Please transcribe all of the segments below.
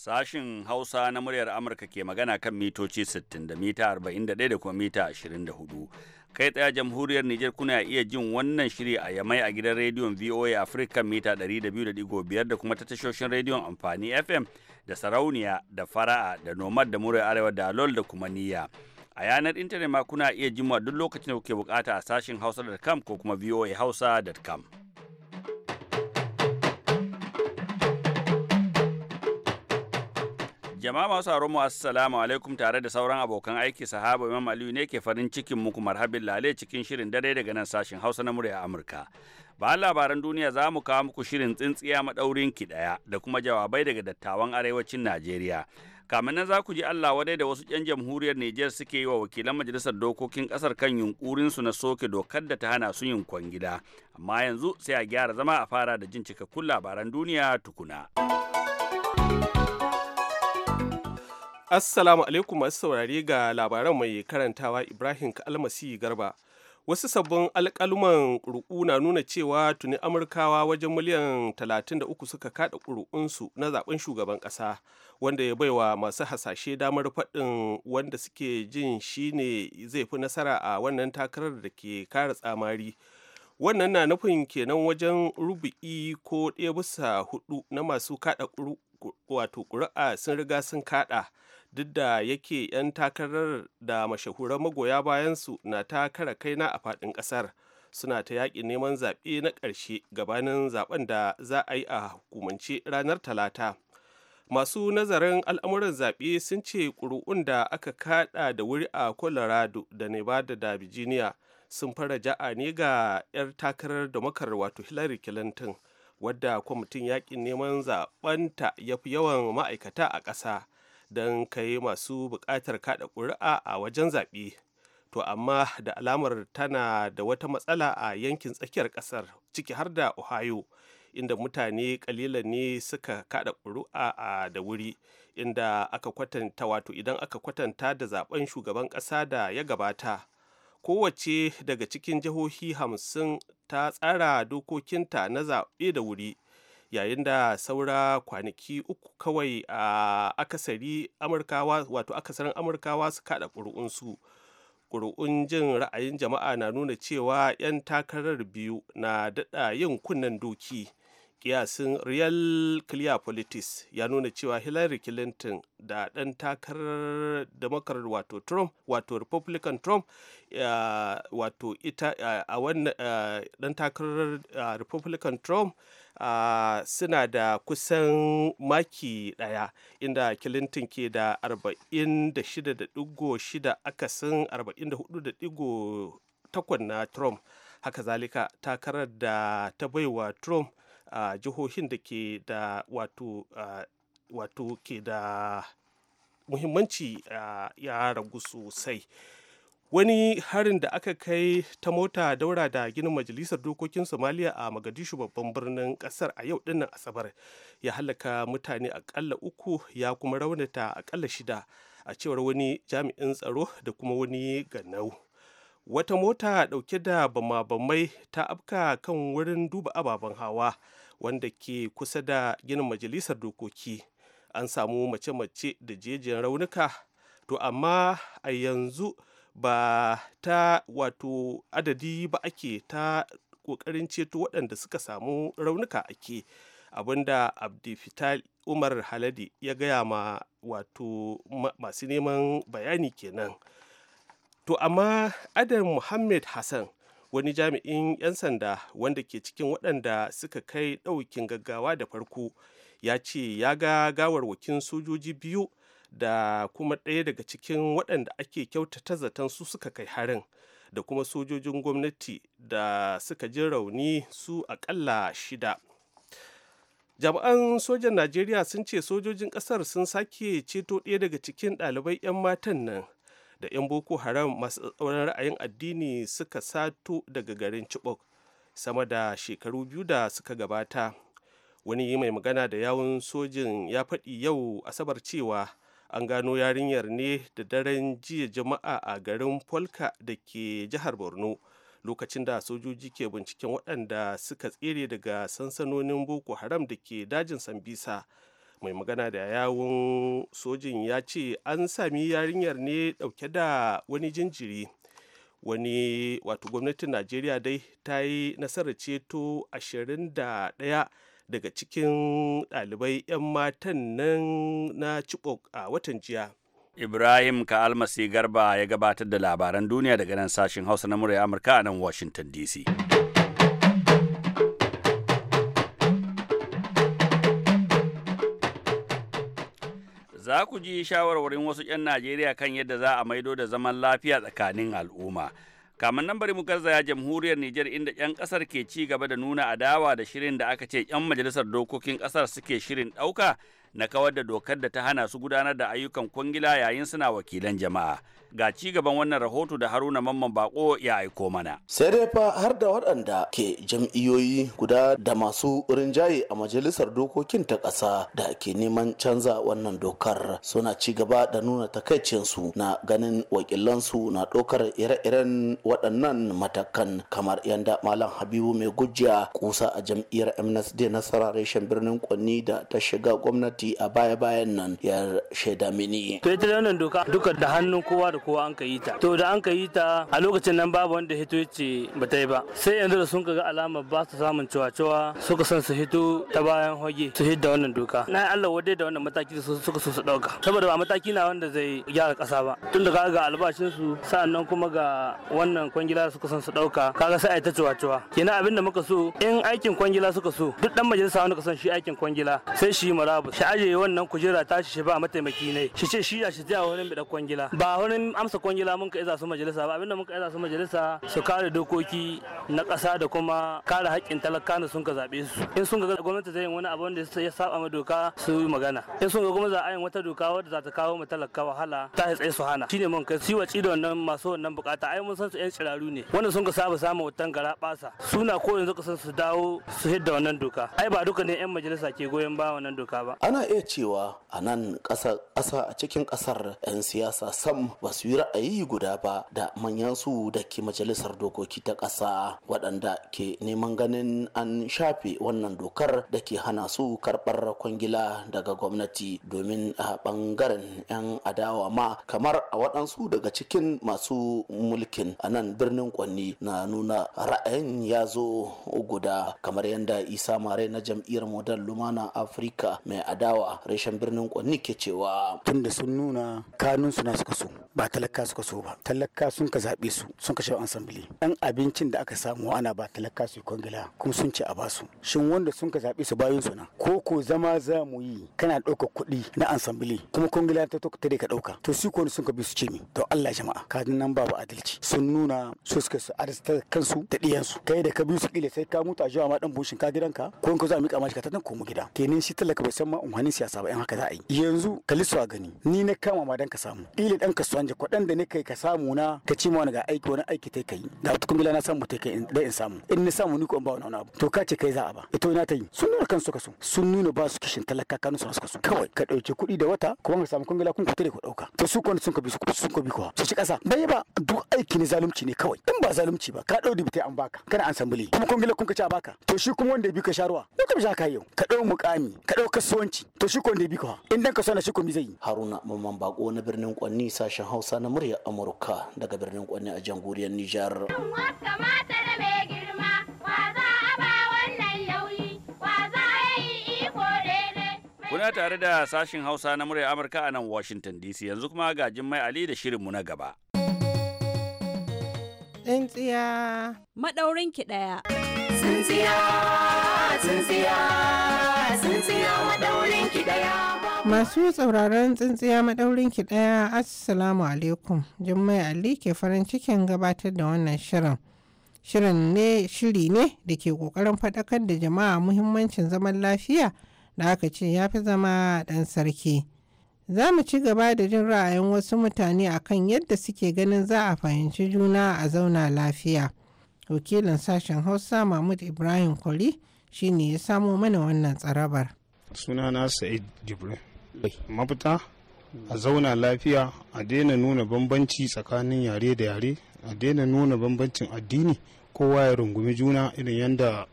Sashin Hausa na muryar Amurka ke magana kan mitoci 60 da mita 41 da kuma mita 24. Kai tsaya jamhuriyar Nijar kuna iya jin wannan shiri a yamai a gidan rediyon VOA Africa mita 200.5 da kuma ta tashoshin rediyon amfani FM da sarauniya da fara'a da nomad da muryar arewa da lol da kuma niyya. A yanar intanet ma kuna iya jin duk lokacin da kuke bukata a sashin hausa.com ko kuma voahausa.com. Jama'a masu mu assalamu alaikum tare da sauran abokan aiki sahaba Imam Aliyu ne ke farin cikin muku marhabin lale cikin shirin dare daga nan sashen Hausa na murya Amurka. Ba labaran duniya za mu kawo muku shirin tsintsiya maɗaurin ki ɗaya da kuma jawabai daga dattawan arewacin Najeriya. kamin nan za ku ji Allah wadai da wasu 'yan jamhuriyar Nijar suke yi wa wakilan majalisar dokokin ƙasar kan su na soke dokar da ta hana su yin kwangila Amma yanzu sai a gyara zama a fara da jin cikakkun labaran duniya tukuna. Assalamu alaikum masu saurari ga labaran mai karantawa Ibrahim Kalmasi Garba. Wasu sabbin alƙaluman ƙuru'u na nuna cewa tuni Amurkawa wajen miliyan 33 suka kaɗa ƙuri'unsu na zaɓen shugaban ƙasa, wanda ya baiwa masu hasashe damar faɗin wanda suke jin shi ne zai fi nasara a wannan takarar da ke kara tsamari. Wannan na nufin kenan wajen rubu'i ko ɗaya bisa hudu na masu kaɗa wato ƙuri'a sun riga sun kaɗa. duk da yake 'yan takarar da mashahuran magoya bayansu na ta kara kaina a faɗin ƙasar suna ta yaƙi neman zaɓe na ƙarshe gabanin zaɓen da za a yi a hukumance ranar talata masu nazarin al'amuran zaɓe sun ce ƙuru'un da aka kaɗa da wuri a colorado da nevada da virginia sun fara ja'a ne ga 'yar takarar da makar wato hillary clinton wadda kwamitin yaƙin neman zaɓenta ya fi yawan ma'aikata a ƙasa don kai masu buƙatar kaɗa ƙuri'a a wajen zaɓe to amma da alamar tana da wata matsala a yankin tsakiyar ƙasar ciki har da ohio inda mutane kalilan ne suka kaɗa ƙuri'a a da wuri inda aka kwatanta wato idan aka kwatanta da zaben shugaban ƙasa da ya gabata kowace daga cikin jihohi hamsin ta tsara dokokinta na zaɓe da wuri yayin da saura kwanaki uku kawai a akasari amurkawa wato akasarin amurkawa su kada ƙuri'unsu ƙuri'un jin ra'ayin jama'a na nuna cewa 'yan takarar biyu na daɗa yin kunnen doki kiyasin real clear politics ya nuna cewa hillary clinton da ɗan takarar democrat wato trump wato republican trump wato ita a wannan dan ɗan takarar republican trump suna da kusan maki ɗaya inda clinton ke da 46.6 akasin 44.8 na trump haka zalika takarar da ta baiwa trump a jihohin da ke da wato wato ke da muhimmanci ya ragu sosai wani harin da aka kai ta mota daura da ginin majalisar dokokin somaliya a magadishu babban birnin kasar a yau dinnan asabar ya halaka mutane akalla uku ya kuma raunata akalla shida a cewar wani jami'in tsaro da kuma wani ganau wata mota dauke da bama-bamai ta afka kan wurin duba ababen hawa wanda ke kusa da ginin majalisar dokoki an samu mace-mace da jejin raunuka to amma a yanzu ba ta wato adadi ba ake ta kokarin ceto waɗanda suka samu raunuka ake abinda abdifital umar haladi ya gaya ma wato masu neman bayani kenan to amma adam muhammad hassan wani jami'in 'yan sanda wanda ke cikin waɗanda suka kai ɗaukin gaggawa da farko ya ce ya ga gawarwakin sojoji biyu da kuma ɗaya daga cikin waɗanda ake kyautata zaton su suka kai harin da kuma sojojin gwamnati da suka ji rauni su aƙalla shida jami'an sojan najeriya sun ce sojojin ƙasar sun sake ceto ɗaya daga cikin ɗalibai 'yan matan nan da 'yan boko haram masu tsauran ra'ayin addini suka sato daga garin chibok sama da shekaru biyu da suka gabata wani mai magana da yawun sojin ya faɗi yau asabar cewa an gano yarinyar ne da daren jiya jama'a a garin polka da ke jihar borno lokacin da sojoji ke binciken waɗanda suka tsere daga sansanonin boko haram da ke dajin sambisa mai magana da yawun sojin ya ce an sami yarinyar ne dauke da wani jinjiri wani wato gwamnatin najeriya dai ta yi nasarar ceto 21 daga cikin ɗalibai 'yan matan nan na chibok a watan jiya ibrahim ka almasi garba ya gabatar da labaran duniya daga nan sashen hausa na murya amurka a nan washington dc za ku ji shawarwarin wasu 'yan Najeriya kan yadda za a maido da zaman lafiya tsakanin al'umma. Kamar nan bari mu garzaya jamhuriyar Nijar inda 'yan kasar ke ci gaba da nuna adawa da shirin da aka ce 'yan majalisar dokokin kasar suke shirin ɗauka na kawar da dokar da ta hana su gudanar da ayyukan kwangila yayin suna wakilan jama'a. Ga ci gaban wannan rahoto da Haruna Mamman Bako ya aiko mana. Sai dai fa har da waɗanda ke jam'iyyoyi guda da masu rinjaye a majalisar dokokin ta ƙasa da ke neman canza wannan dokar suna ci gaba da nuna takaicinsu na ganin wakilansu na ɗaukar ire-iren waɗannan matakan kamar yanda Malam Habibu mai gujiya kusa a jam'iyyar MNSD nasara reshen birnin Kwanni da ta shiga gwamnati a baya-bayan nan ya shaida mini. To wannan doka duka da hannun kowa da Ko an ka yi ta to da an ka yi ta a lokacin nan babu wanda hito ya ce ba ta yi ba sai yanzu da sun ga alamar ba su samun cewa-cewa suka san su hito ta bayan hoge su hidda wannan doka na Allah wadai da wannan mataki da suka so su dauka saboda ba mataki na wanda zai gyara kasa ba tun da ga albashin su sa'annan kuma ga wannan kwangila suka san su dauka kaga sai ai ta cewa-cewa kenan abin da muka so in aikin kwangila suka so duk dan majalisa wanda ka san shi aikin kwangila sai shi marabu shi aje wannan kujera ta shi ba mataimaki ne shi ce shi ya shi ta wurin bi da kwangila ba wurin amsa kwangila mun ka iza su majalisa ba abinda mun ka iza su majalisa su kare dokoki na ƙasa da kuma kare haƙƙin talaka da sun ka zaɓe su in sun ga gwamnati zai yi wani abu wanda ya saba ma doka su yi magana in sun ga kuma za a yi wata doka wadda za ta kawo ma talaka wahala ta tsaye su hana shine mun ka ci da wannan masu wannan bukata ai mun san su yan tsiraru ne wanda sun ka saba samun wutan gara basa suna ko yanzu ka san su dawo su hidda wannan doka ai ba duka ne yan majalisa ke goyon ba wannan doka ba ana iya cewa a nan ƙasa a cikin ƙasar yan siyasa sam ba su yi ra'ayi guda ba da manyan su da ke majalisar dokoki ta ƙasa waɗanda ke neman ganin an shafe wannan dokar da ke hana su karɓar kwangila daga gwamnati domin a ɓangaren 'yan adawa ma kamar a waɗansu daga cikin masu mulkin a nan birnin kwanni na nuna ra'ayin ya zo guda kamar yadda isa mare na jam'iyyar modal lumana afirka mai adawa reshen birnin kwanni ke cewa tunda sun nuna kanunsu na suka so ba talaka suka so ba talaka sun ka zaɓe su sun ka shawo ansambili dan abincin da aka samu ana ba talaka su kwangila kuma sun ce a ba su shin wanda sun ka zaɓe su bayan su ko ko zama za mu yi kana ɗauka kuɗi na ansambili kuma kwangila ta ta dai ka ɗauka to su ko sun ka bi su ce mi to Allah jama'a kadin nan babu adalci sun nuna su suka su adasta kansu da ɗiyansu kai da ka bi su kila sai ka mutu a jiwa ma ɗan bushin ka gidanka ko ka zo a miƙa ma shi ka ko komo gida kenan shi talaka bai san ma umarnin siyasa ba in haka za a yi yanzu ka lissu a gani ni na kama ma dan ka samu kila dan ka an kuɗin da kai ka samu na ka ci ma wani ga aiki wani aiki ta kai ga tukun bila na samu ta kai da in samu in ni samu ni ko in ba wani abu to ka ce kai za a ba ita na ta yi sun nuna kansu kaso sun nuna ba su kishin talaka kanu su kaso kawai ka ɗauki kuɗi da wata kuma ka samu kun bila kun ku ku ɗauka to su ko sun ka bi su sun ka bi kuwa su ci ƙasa bai ba duk aiki ne zalunci ne kawai in ba zalunci ba ka ɗau bitai an baka kana an sambuli kuma kun bila kun ka ci a baka to shi kuma wanda ya bi ka sharuwa ko ka bisa ka yau ka ɗau mukami ka ɗau kasuwanci to shi ko wanda ya bi ka in dan ka so shi ko mi zai yi haruna mamman bako na birnin kwanni sashen hausa Hausa na muryar Amurka daga birnin Kwanne a jamhuriyar Nijar. Kuna tare da sashin Hausa na murya Amurka a nan Washington DC yanzu kuma ga Jummai Ali da shirinmu na gaba. Tsintsiya. Maɗaurinki ɗaya. Tsintsiya, tsintsiya, tsintsiya maɗaurinki ɗaya. Masu tsauraran tsintsiya maɗaurin ki ɗaya Assalamu alaikum. Jummai Ali ke farin cikin gabatar da wannan shirin. Shirin ne shiri ne da ke ƙoƙarin faɗakar da jama'a muhimmancin zaman lafiya da aka ce ya fi zama ɗan sarki. Za mu ci gaba da jin ra'ayin wasu mutane a kan yadda suke ganin za a fahimci juna a zauna lafiya. Wakilin sashen Hausa Mahmud Ibrahim Kwari shi ne ya samo mana wannan tsarabar. Sunana Sa'id Jibril. mafita a zauna lafiya a daina nuna bambanci tsakanin yare da yare a daina nuna bambancin addini kowa ya rungumi juna irin yadda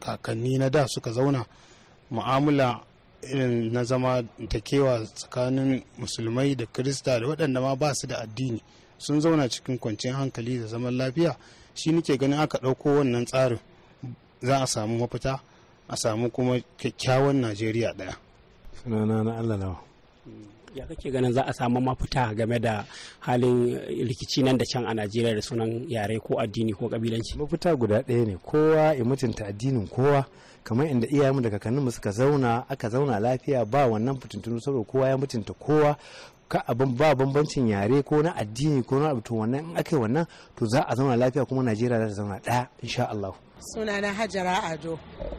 kakanni na da suka zauna mu'amala irin na zama ta kewa tsakanin musulmai da krista da waɗanda ma ba su da addini sun zauna cikin kwanciyar hankali da zaman lafiya shi nike ganin aka ɗauko wannan tsarin za a samu mafita a samu kuma kyakkyawan najeriya ɗaya sunana na allah lawa ya kake ganin za a samu mafita game da halin rikici nan da can a najeriya da sunan yare ko addini ko kabilanci mafita guda ɗaya ne kowa ya mutunta addinin kowa kamar inda iyayenmu da mu suka zauna aka zauna lafiya ba wannan fitintunu saboda kowa ya mutunta kowa ka abin ba bambancin yare ko na addini ko na abu to wannan in aka yi wannan to za a zauna lafiya kuma najeriya za ta zauna ɗaya insha Allah sunana hajara ado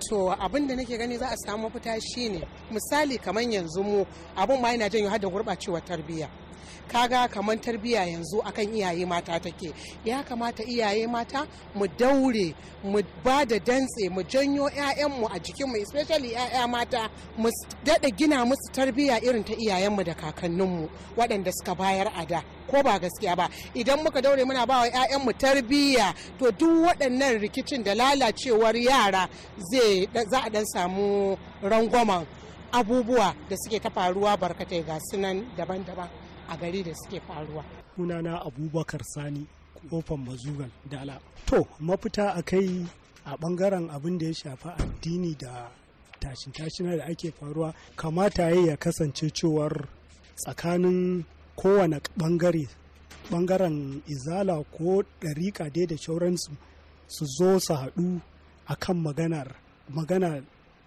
to abin da nake gani za a samu mafita shine misali kamar yanzu mu abin ma yana janyo hada gurɓacewar tarbiyya kaga kamar tarbiyya yanzu akan iyaye mata take ya kamata iyaye mata mu daure mu ba da dantse mu janyo 'ya'yanmu a jikinmu especially 'ya'ya mata mu daɗa gina musu tarbiyya irin ta iyayenmu da kakanninmu waɗanda suka bayar a da ko ba gaskiya ba idan muka daure muna ba wa 'ya'yanmu tarbiyya to duk waɗannan rikicin da lalacewar yara zai za a ɗan samu rangwamen abubuwa da suke ta faruwa barkatai ga sunan daban-daban a gari da suke faruwa. Sunana Abubakar Sani kofan mazugan dala. To mafita a kai a bangaren abin da ya shafi addini da tashin da ake faruwa kamata ya ya kasance cewar tsakanin kowane bangare bangaren izala ko ɗariƙa dai da shauransu su zo su haɗu a kan maganar magana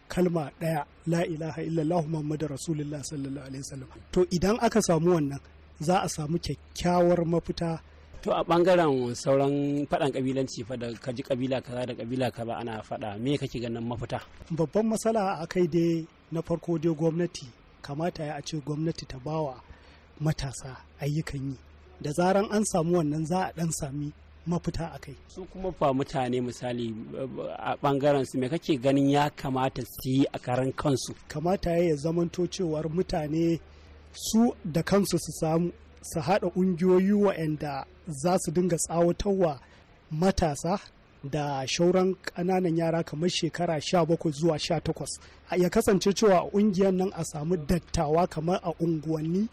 kalma ɗaya la ilaha illallah muhammadu rasulullah sallallahu alaihi wasallam to idan aka samu wannan za a samu kyakkyawar mafita to a bangaren sauran faɗan kabilanci fa da kaji kabila kaza da kabila kaza ana faɗa me kake ganin mafita babban matsala a kai dai na farko dai gwamnati kamata ya ce gwamnati ta bawa matasa ayyukan yi da zaran an samu wannan za a dan sami mafita a kai su kuma fa mutane misali a bangaren su me kake ganin ya kamata su yi a karan kansu kamata ya zamanto cewar mutane su da kansu su samu su haɗa ƙungiyoyi waɗanda za su dinga tsawatarwa matasa da shauran ƙananan yara kamar shekara 17 zuwa 18 ya kasance cewa ƙungiyar nan a samu dattawa kamar a unguwanni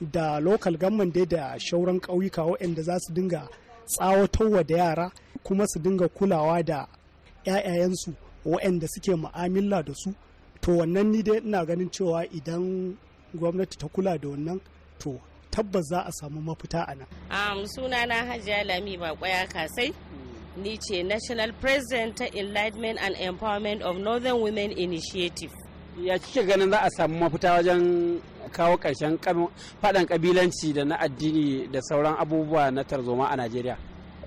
da local government dai da shauran ƙauyuka waɗanda za su dinga tsawatarwa da yara kuma su dinga kulawa da 'ya'yayensu waɗanda suke mu'amala da su to wannan ni dai ina ganin cewa idan gwamnati ta kula da wannan to tabbas za a samu mafita a nan. suna na hajiya lami ba kwaya kasai hmm. ni ce national president ta enlightenment and empowerment of northern women initiative ya kike ganin za a samu mafita wajen kawo karshen faɗan ƙabilanci da na addini da sauran abubuwa na tarzoma a najeriya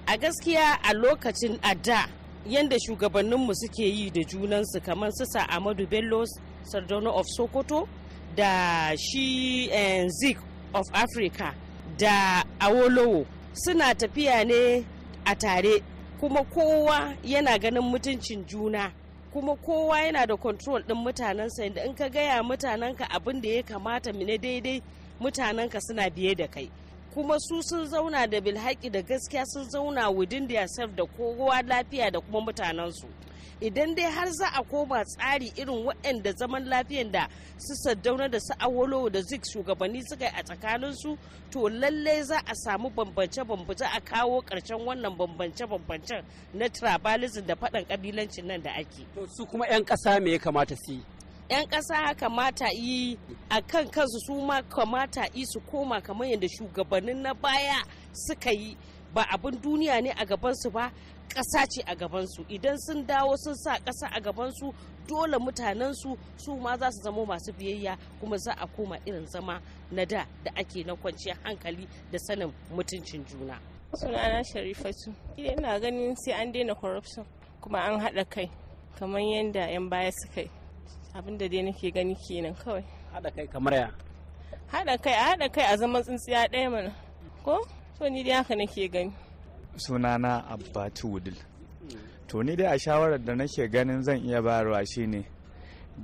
a gaskiya a lokacin adda, yadda shugabanninmu suke yi da junansu kamar su amadu bello sardono of sokoto da shi eh, zik of africa da awolowo suna tafiya ne a tare kuma kowa yana ganin mutuncin juna kuma kowa yana da control ɗin mutanensa inda in ka gaya mutanenka abin da ya kamata ne daidai mutanenka suna biye da kai kuma su sun zauna da bilhaki da gaskiya sun zauna within themselves da kowa lafiya da kuma mutanensu idan dai har za a koma tsari irin waɗanda zaman lafiyan da su saddauna da su awolo da zik shugabanni suka yi a tsakaninsu to lallai za a samu bambance-bambance a kawo ƙarshen wannan bambance bambance na tribalism da faɗan ƙabilancin nan da ake. su kuma 'yan ƙasa me ya kamata su yi 'yan ƙasa kamata yi a kan kansu su ma kamata yi su koma kamar yadda shugabannin na baya suka yi ba abin duniya ne a gabansu ba ƙasa ce a gabansu idan sun dawo sun sa kasa a gabansu dole mutanensu su ma za su zama masu biyayya kuma za a koma irin zama na da da ake na kwanciyar hankali da sanin mutuncin juna. sunana sharifatu ina ganin sai an daina corruption kuma an haɗa kai kamar yadda 'yan baya suka yi abinda dai nake gani kenan kawai hada kai kamar ya hada kai a haɗa kai a zaman tsintsiya ɗaya mana ko to ni dai haka nake gani sunana abba tuwudil to ni dai a shawarar da nake ganin zan iya bayarwa shine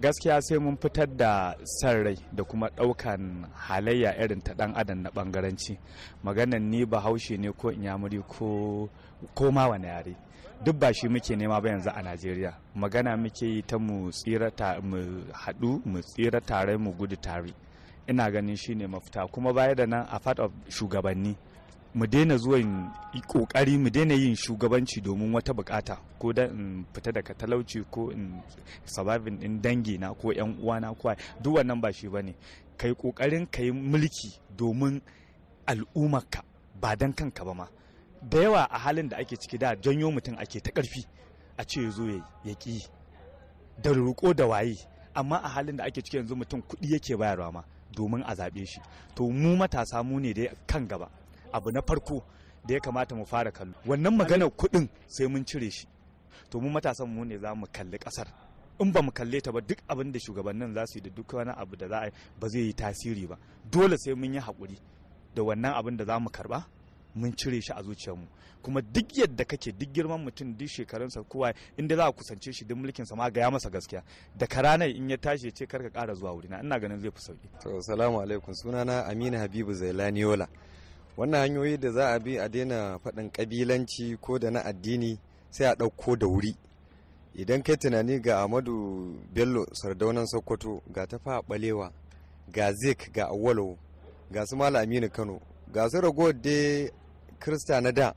gaskiya sai mun fitar da san rai da kuma ɗaukan halayya irin ta ɗan adam na ɓangaranci maganan ni bahaushe ne ko inyamuri ko ma wani yare duk ba shi muke nema ba yanzu a najeriya magana muke yi ta mu haɗu mu tsira tare mu gudu tare ina ganin shi ne mafita kuma baya da nan a fat of shugabanni mu daina zuwa kokari mu daina yin shugabanci domin wata bukata ko da in fita daga talauci ko in sababin din dangi na ko yan uwa na ko duk wannan ba shi bane kai kokarin kai mulki domin al'ummarka ba dan kanka ba ma da yawa a halin da ake ciki da janyo mutum ake ta ƙarfi a ce ya zo ya ƙi da roƙo da waye amma a halin da ake ciki yanzu mutum kuɗi yake bayarwa ma domin a zaɓe shi to mu matasa mu ne da kan gaba abu na farko da ya kamata mu fara kallo wannan maganar kuɗin sai mun cire shi to mu matasan mu ne za mu kalli ƙasar in ba mu kalle ta ba duk abin da shugabannin za su yi da duk wani abu da za a ba zai yi tasiri ba dole sai mun yi hakuri da wannan abin da za mu karɓa mun cire shi a zuciyarmu kuma duk yadda kake duk girman mutum duk shekarunsa kowa inda za a kusance shi duk mulkinsa ma ga ya masa gaskiya da karana in ya tashi ya ce karka kara zuwa wurina ina ganin zai fi sauki to assalamu alaikum sunana Aminu Habibu Zailaniola wannan hanyoyi da za a bi a daina faɗin ƙabilanci ko da na addini sai a ɗauko da wuri idan kai tunani ga amadu bello sardaunan sokoto ga tafa balewa ga zik ga awalo ga su aminu kano ga su ragowar kirista na da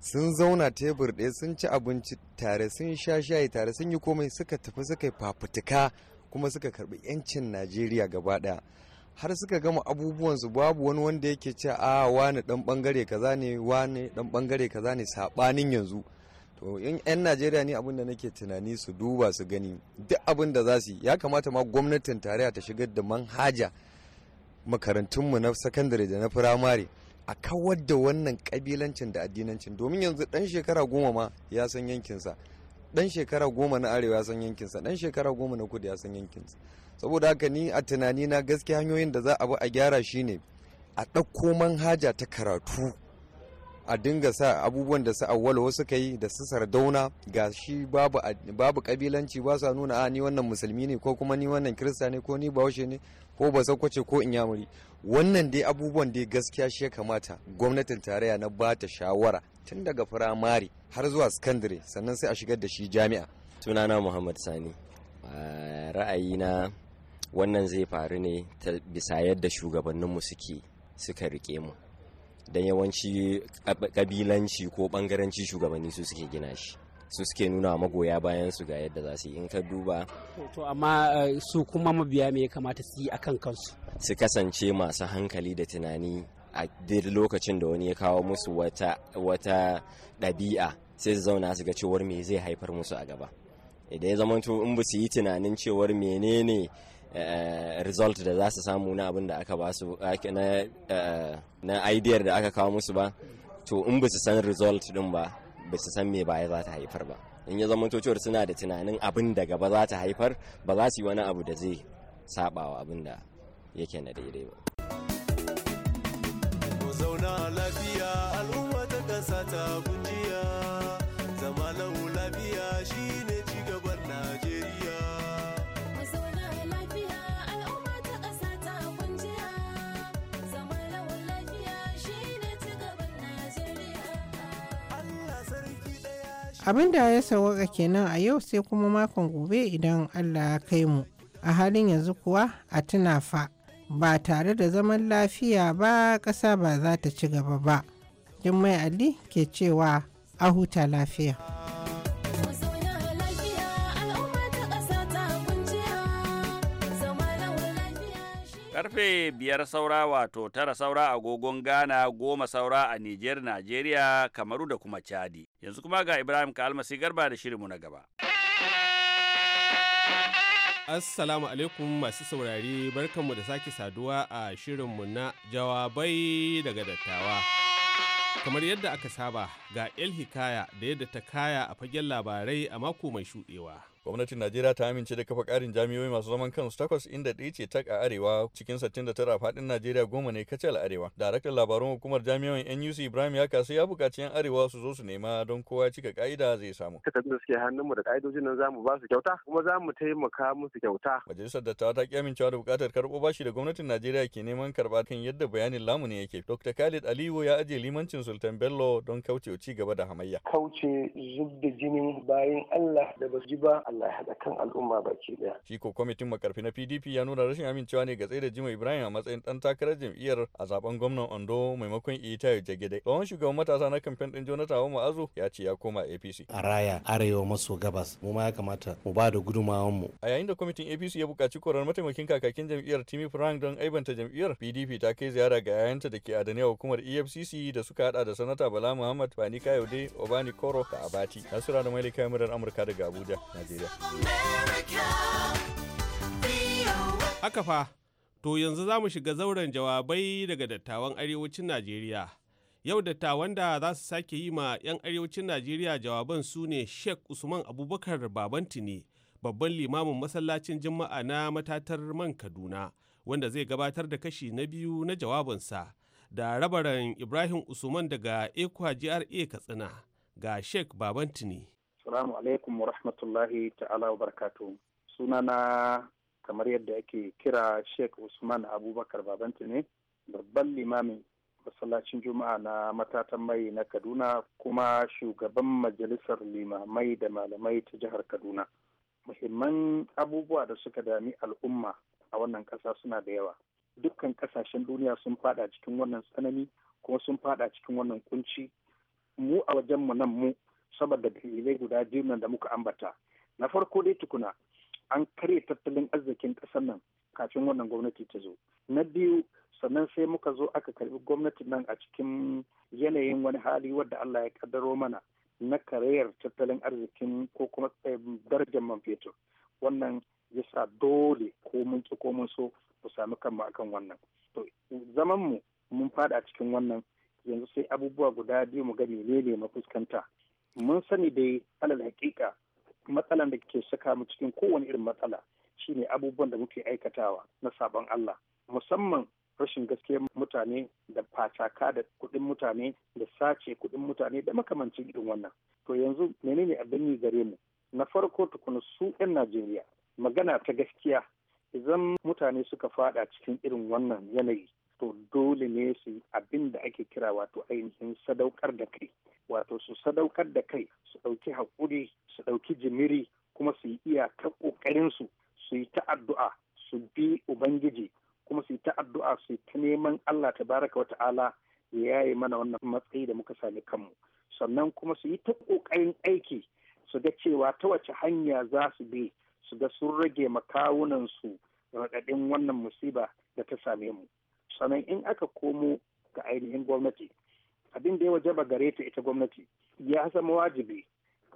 sun zauna tebur ɗaya sun ci abinci tare sun sha shayi tare sun yi komai suka tafi suka yi fafutuka kuma suka karbi yancin najeriya gaba ɗaya har suka gama abubuwansu babu wani wanda yake ce a wani dan bangare kaza ne wani dan bangare kaza ne sabanin yanzu to in yan najeriya ne abin da nake tunani su duba su gani duk abin da za su yi ya kamata ma gwamnatin tarayya ta shigar da manhaja makarantunmu na sakandare da na firamare a kawar da wannan kabilancin da addinancin domin yanzu dan shekara goma ma ya san yankinsa dan shekara goma na arewa ya san yankinsa dan shekara goma na kudu ya san yankinsa saboda haka ni a tunani na gaskiya hanyoyin da za a bi a gyara shi ne a ɗauko manhaja ta karatu a dinga sa abubuwan da su awwal wasu yi da su sardauna ga shi babu babu kabilanci ba sa nuna a ni wannan musulmi ne ko kuma ni wannan kirista ne ko ni bahaushe ne ko ba sakwace ko inyamuri wannan dai abubuwan dai gaskiya shi ya kamata gwamnatin tarayya na ba ta shawara tun daga firamare har zuwa sakandare sannan sai a shigar da shi jami'a sunana muhammad sani ra'ayina wannan zai faru ne ta bisa yadda shugabanninmu suke suka rike mu don yawanci kabilanci ko bangaranci shugabanni su suke gina shi su suke nuna magoya bayan su ga yadda za su yi in ka duba to amma eh, su kuma mabiya me ya kamata su yi akan kansu su kasance masu hankali da tunani a duk lokacin da wani ya kawo musu wata wata ɗabi'a sai su zauna su ga cewar me zai haifar musu a gaba idan ya zamanto in ba su yi tunanin cewar menene eh, result da za su samu na abin da aka ba su eh, na idea da aka kawo musu ba to in ba su san result din ba ba su san me baya za ta haifar ba in ya zama cewar suna da tunanin abin da gaba za ta haifar ba za su yi wani abu da zai wa abin da yake na daidai ba zauna lafiya al'umma ta kasa ta abin da ya sauwaka kenan a yau sai kuma makon gobe idan allah ya kai mu a halin yanzu kuwa a tuna fa ba tare da zaman lafiya ba kasa ba za ta ci gaba ba jummai ali ke cewa a huta lafiya. karfe biyar saura wato tara saura a agogon Ghana goma saura a Nijar, Najeriya, Kamaru da kuma Chadi. Yanzu kuma ga Ibrahim Kalmasi Garba da shirinmu na gaba. Assalamu alaikum masu saurari barkanmu da sake saduwa a shirinmu na jawabai daga dattawa. Kamar yadda aka saba ga El Hikaya da yadda ta kaya a fagen labarai a mako mai shuɗewa. gwamnatin najeriya ta amince da kafa karin jami'oi masu zaman kansu takwas inda ɗaya ce tak a arewa cikin 69 a faɗin najeriya goma ne kacal arewa daraktan labarun hukumar jami'oin nuc ibrahim ya kasu ya buƙaci yan arewa su zo su nema don kowa cika ka'ida zai samu takardun da suke hannunmu da ka'idojin nan mu ba su kyauta kuma za mu taimaka musu kyauta majalisar dattawa ta ƙi amincewa da buƙatar karɓo bashi da gwamnatin najeriya ke neman karɓa kan yadda bayanin lamuni yake dr khalid aliyu ya ajiye limancin sultan bello don kaucewa ci gaba da hamayya kauce zub da jinin bayan allah da basu ji ba Allah ya haɗa kan al'umma baki ɗaya. Shi ko kwamitin makarfi na PDP ya nuna rashin amincewa ne ga tsaye da Jima Ibrahim a matsayin ɗan takarar jam'iyyar a zaben gwamnan Ondo maimakon Itayo Jagede. Tsohon shugaban matasa na kamfen ɗin Jonathan Awon Ma'azu ya ce ya koma APC. A raya arewa maso gabas mu ma ya kamata mu ba da mu. A yayin da kwamitin APC ya buƙaci korar mataimakin kakakin jam'iyyar Timi Frank don aibanta jam'iyyar PDP ta kai ziyara ga yayanta da ke adane hukumar EFCC da suka haɗa da sanata Bala Muhammad Bani Kayode Obani Koro da Abati. Nasura da Maili Amurka daga Abuja, Najeriya. Haka fa, to yanzu za mu shiga zauren jawabai daga dattawan arewacin Najeriya. Yau dattawan da za su sake yi ma 'yan arewacin Najeriya jawaban su ne Sheikh Usman Abubakar Babantini, babban limamin masallacin Juma'a na matatar man Kaduna, wanda zai gabatar da kashi na biyu na jawabansa, da rabaran Ibrahim Usman daga Ekwa GRA Katsina ga Sheikh Babantini. Salamu alaikum wa rahmatullahi ta'ala wa barakatu. Sunana kamar yadda ake kira Sheikh Usman Abubakar Babanta ne, babban limamin masallacin Juma'a na matatan mai na Kaduna kuma shugaban majalisar limamai da malamai ta jihar Kaduna. Muhimman abubuwa da suka dami al'umma a wannan ƙasa suna da yawa. Dukkan ƙasashen duniya sun fada cikin wannan tsanani kuma sun fada cikin wannan kunci. Mu a wajenmu nan mu saboda dalilai guda biyu nan da muka ambata na farko dai tukuna an karya tattalin arzikin ƙasar nan kafin wannan gwamnati ta zo na biyu sannan sai muka zo aka karbi gwamnatin nan a cikin yanayin wani hali wadda Allah ya kaddaro mana na karayar tattalin arzikin ko kuma eh, darajar man fetur wannan ya sa dole ko mun ki ko mun so mu sami kanmu akan wannan to zaman mu mun fada cikin wannan yanzu sai abubuwa guda biyu mu ga menene mu fuskanta mun sani dai alal hakika matsalan da ke saka mu cikin kowane irin matsala shine abubuwan da muke aikatawa na sabon Allah musamman rashin gaskiyar mutane da fasaka da kuɗin mutane da sace kuɗin mutane da makamancin irin wannan to yanzu menene abin yi gare mu na farko tukuna su 'yan Najeriya magana ta gaskiya idan mutane suka fada cikin irin wannan yanayi to dole ne su abin da ake kira wato ainihin sadaukar da kai wato su sadaukar da kai su ɗauki haƙuri su ɗauki jimiri kuma su yi iyakar ƙoƙarinsu su yi ta addu'a su bi ubangiji kuma su yi ta addu'a su yi ta neman allah tabaraka wa ta'ala ya yaye mana wannan matsayi da muka sami kanmu sannan kuma su yi ta ƙoƙarin aiki su ga cewa ta wace hanya za su bi su ga sun rage makawunansu raɗaɗin wannan musiba da ta same mu sannan in aka komo ga ainihin gwamnati abin da ya wajaba gare ta ita gwamnati ya zama wajibi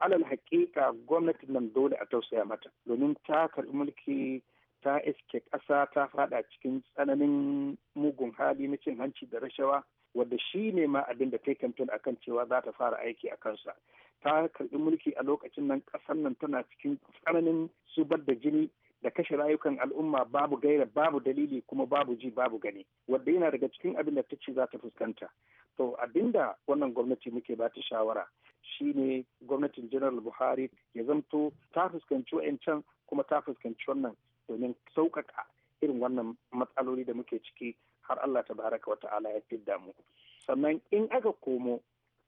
alal hakika gwamnati nan dole a tausaya mata domin ta karbi mulki ta iske ƙasa ta fada cikin tsananin mugun hali na cin hanci da rashawa wadda shi ne ma abin da ta kamfen akan cewa za ta fara aiki a kansa ta karbi mulki a lokacin nan ƙasar nan tana cikin tsananin zubar da jini da kashe rayukan al'umma babu gaira babu dalili kuma babu ji babu gani wadda yana daga cikin abin da ta ce za ta fuskanta To abinda wannan gwamnati muke ba ta shawara shine gwamnatin General Buhari ya zamto ta fuskanci wa'ancan kuma ta fuskanci wannan domin sauƙaƙa irin wannan matsaloli da muke ciki har Allah ta baraka wata ala ya fidda mu. Sannan in aka komo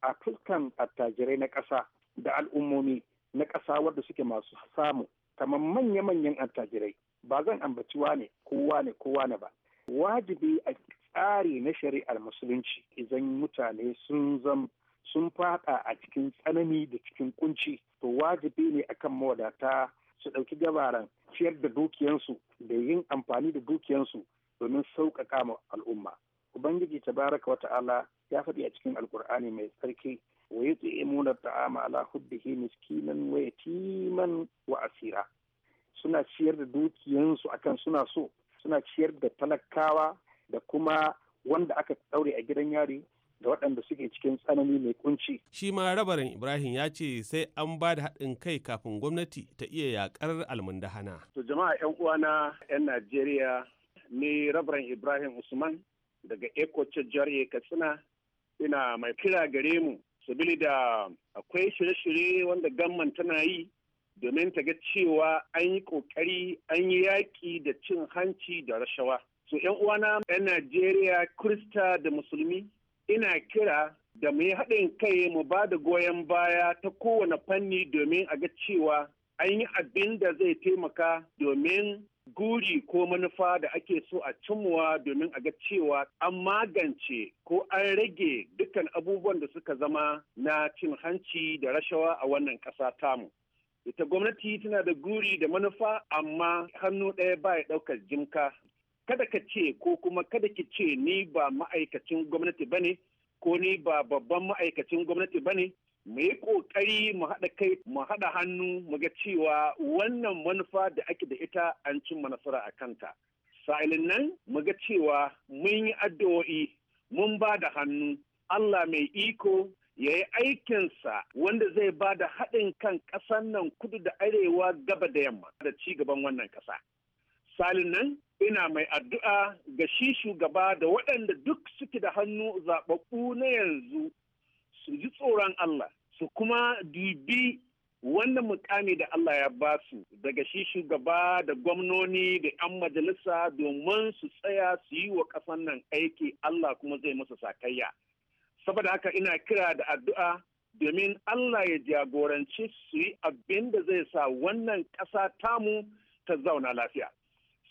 a fuskan attajirai na ƙasa da al'ummomi na ƙasa wadda suke masu samu kamar manya-manyan attajirai ba zan ambaci wane kowa ne kowa ne ba wajibi a tsari na shari'ar musulunci idan mutane sun zam sun fada a cikin tsanani da cikin kunci to wajibi ne akan mawadata su ɗauki gabaran ciyar da dukiyansu da yin amfani da dukiyansu domin sauƙaƙa ma al'umma ubangiji ta Baraka wa ta'ala ya faɗi a cikin alkur'ani mai tsarki wa munar ta'ama ala hubbihi miskinan wa yatiman wa asira suna ciyar da dukiyansu akan suna so suna ciyar da talakawa da kuma wanda aka daure a gidan yari da waɗanda suke cikin tsanani mai kunci. Shi ma rabarin Ibrahim ya ce sai an ba da haɗin kai kafin gwamnati ta iya yaƙar almundahana. To jama'a 'yan uwana 'yan Najeriya ni rabarin Ibrahim Usman daga Eko Jarye Katsina ina mai kira gare mu sabili da akwai shirye-shirye wanda gamman tana yi domin ta ga cewa an yi ƙoƙari an yi yaƙi da cin hanci da rashawa. So ‘yan uwana ‘yan Najeriya, Krista da Musulmi, ina kira da mu yi haɗin kai mu ba da goyon baya ta kowane fanni domin a ga cewa an yi abin da zai taimaka domin guri ko manufa da ake so a cimuwa domin a ga cewa an magance ko an rage dukkan abubuwan da suka zama na cin hanci da rashawa a wannan ƙasa tamu. Ita gwamnati tana da guri da manufa amma hannu ɗaya ba ya ɗaukar jimka kada ka ce ko kuma kada ki ce ni ba ma'aikacin gwamnati ba ne ko ni ba babban ma'aikacin gwamnati ba ne mu yi ƙoƙari mu haɗa kai mu haɗa hannu mu ga cewa wannan manufa da ake da ita an cimma nasara a kanta sa'ilin nan mu ga cewa mun yi addu'o'i mun ba da hannu Allah mai iko ya yi aikinsa wanda zai ba da haɗin kan ƙasar nan kudu da arewa gaba da yamma da ci gaban wannan ƙasa. Salin nan ina mai addu'a ga shi shugaba da waɗanda duk suke da hannu zaɓaɓɓu na yanzu su ji tsoron Allah su kuma dubi wannan mukami da Allah ya ba su daga shi shugaba da gwamnoni da 'yan majalisa domin su tsaya su yi wa ƙasan nan aiki Allah kuma zai masa sakayya. Saboda haka ina kira da addu'a domin Allah ya jagoranci su yi abin da zai sa wannan ƙasa tamu ta zauna lafiya.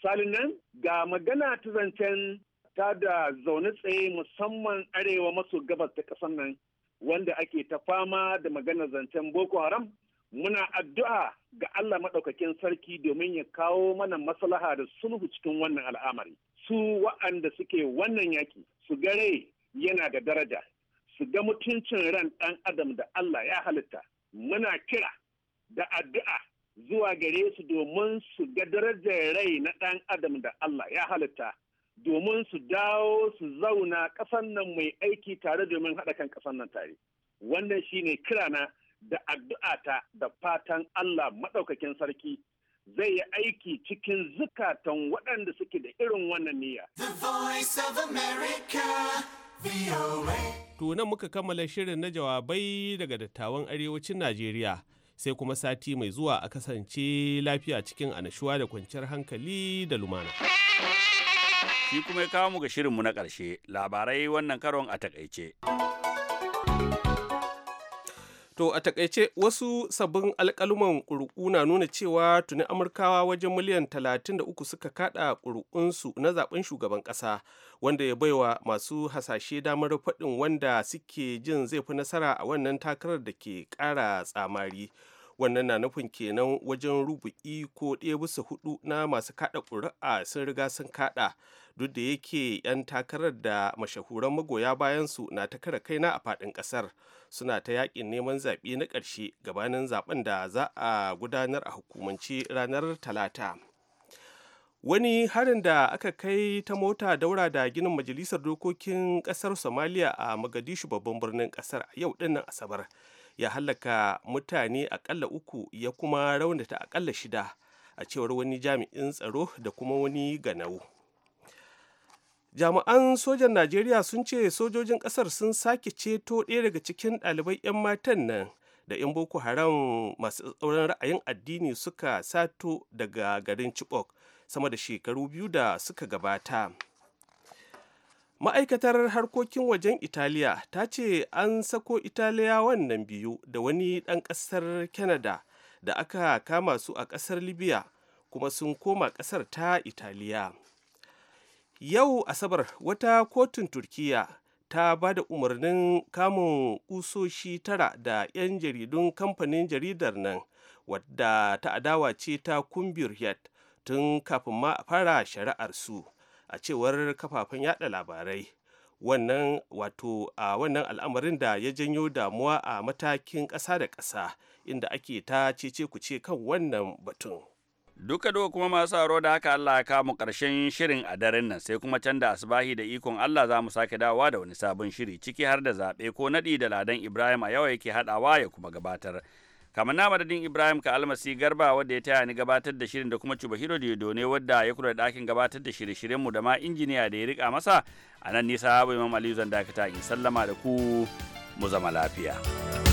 Salinan ga magana ta zancen ta da zaune tsaye musamman arewa maso gabas ta ƙasar nan wanda ake ta fama da magana zancen Boko Haram muna addu'a ga Allah maɗaukakin sarki domin ya kawo mana maslaha da sulhu cikin wannan al'amari. Su wa'anda suke wannan yaki su gare yana da daraja, su ga mutuncin ran ɗan adam da Allah ya halitta. Muna kira da addu'a zuwa gare su domin su ga darajar rai na ɗan adam da Allah ya halitta domin su dawo su zauna ƙasan nan mai aiki tare domin haɗa kan ƙasan nan tare wannan shi ne kirana da addu'ata da fatan Allah maɗaukakin sarki zai yi aiki cikin zukatan waɗanda suke da irin wannan niyya. The Voice of America, VOA. To nan muka kammala shirin na jawabai daga dattawan arewacin Najeriya. sai kuma sati mai zuwa a kasance lafiya cikin anashuwa da kwanciyar hankali da lumana. Shi kuma ya kawo mu ga shirinmu na ƙarshe labarai wannan karon a takaice. To a takaice wasu sabbin alkaluman ƙuri'u na nuna cewa tuni Amurkawa wajen miliyan 33 suka kada ƙuri'unsu na zaben shugaban ƙasa wanda ya baiwa masu hasashe damar faɗin wanda suke jin zai fi nasara a wannan takarar da ke ƙara tsamari. wannan na nufin kenan wajen rubu'i ko ɗaya bisa hudu na masu kada ƙuri'a sun riga sun kada duk da yake 'yan takarar da mashahuran magoya bayansu na ta kara kaina a faɗin ƙasar suna ta yakin neman zaɓe na ƙarshe gabanin zaɓen da za a gudanar a hukumance ranar talata wani harin da aka kai ta mota daura da ginin majalisar dokokin ƙasar somaliya a magadishu babban birnin ƙasar yau dinnan asabar ya hallaka mutane akalla uku ya kuma raunata akalla shida a cewar wani jami'in tsaro da kuma wani ganau jami'an sojan najeriya sun ce sojojin kasar sun sake ceto ɗaya daga cikin ɗalibai 'yan matan nan da 'yan boko haram masu tsauran ra'ayin addini suka sato daga garin chibok sama da shekaru biyu da suka gabata ma'aikatar harkokin wajen italiya ta ce an sako italiyawan nan biyu da wani ɗan ƙasar canada da aka kama su a ƙasar libya kuma sun koma ƙasar ta italiya yau asabar wata kotun turkiya ta ba da umarnin kamun kusoshi tara da 'yan jaridun kamfanin jaridar nan wadda ta adawa ce ta kumbiyar tun kafin ma a fara shari'ar su a cewar kafafen yada labarai wannan wato a wannan al'amarin da ya janyo damuwa a matakin ƙasa da kasa inda ake ta cece ce kan wannan batun duka duka kuma masu aro da haka Allah ya kamu ƙarshen shirin a daren nan sai kuma can da asibahi da ikon Allah za mu sake dawowa da wani sabon shiri ciki har da zaɓe ko naɗi da ladan Ibrahim a yawa yake haɗawa ya kuma gabatar. kamar na madadin ibrahim ka almasi garba wadda ya taya ni gabatar da shirin da kuma cubahiro da ne wadda ya kula da gabatar da shirye-shiryen da ma injiniya da ya rika masa a nan nisa abu imam aliyu zan dakata in sallama da ku mu zama lafiya.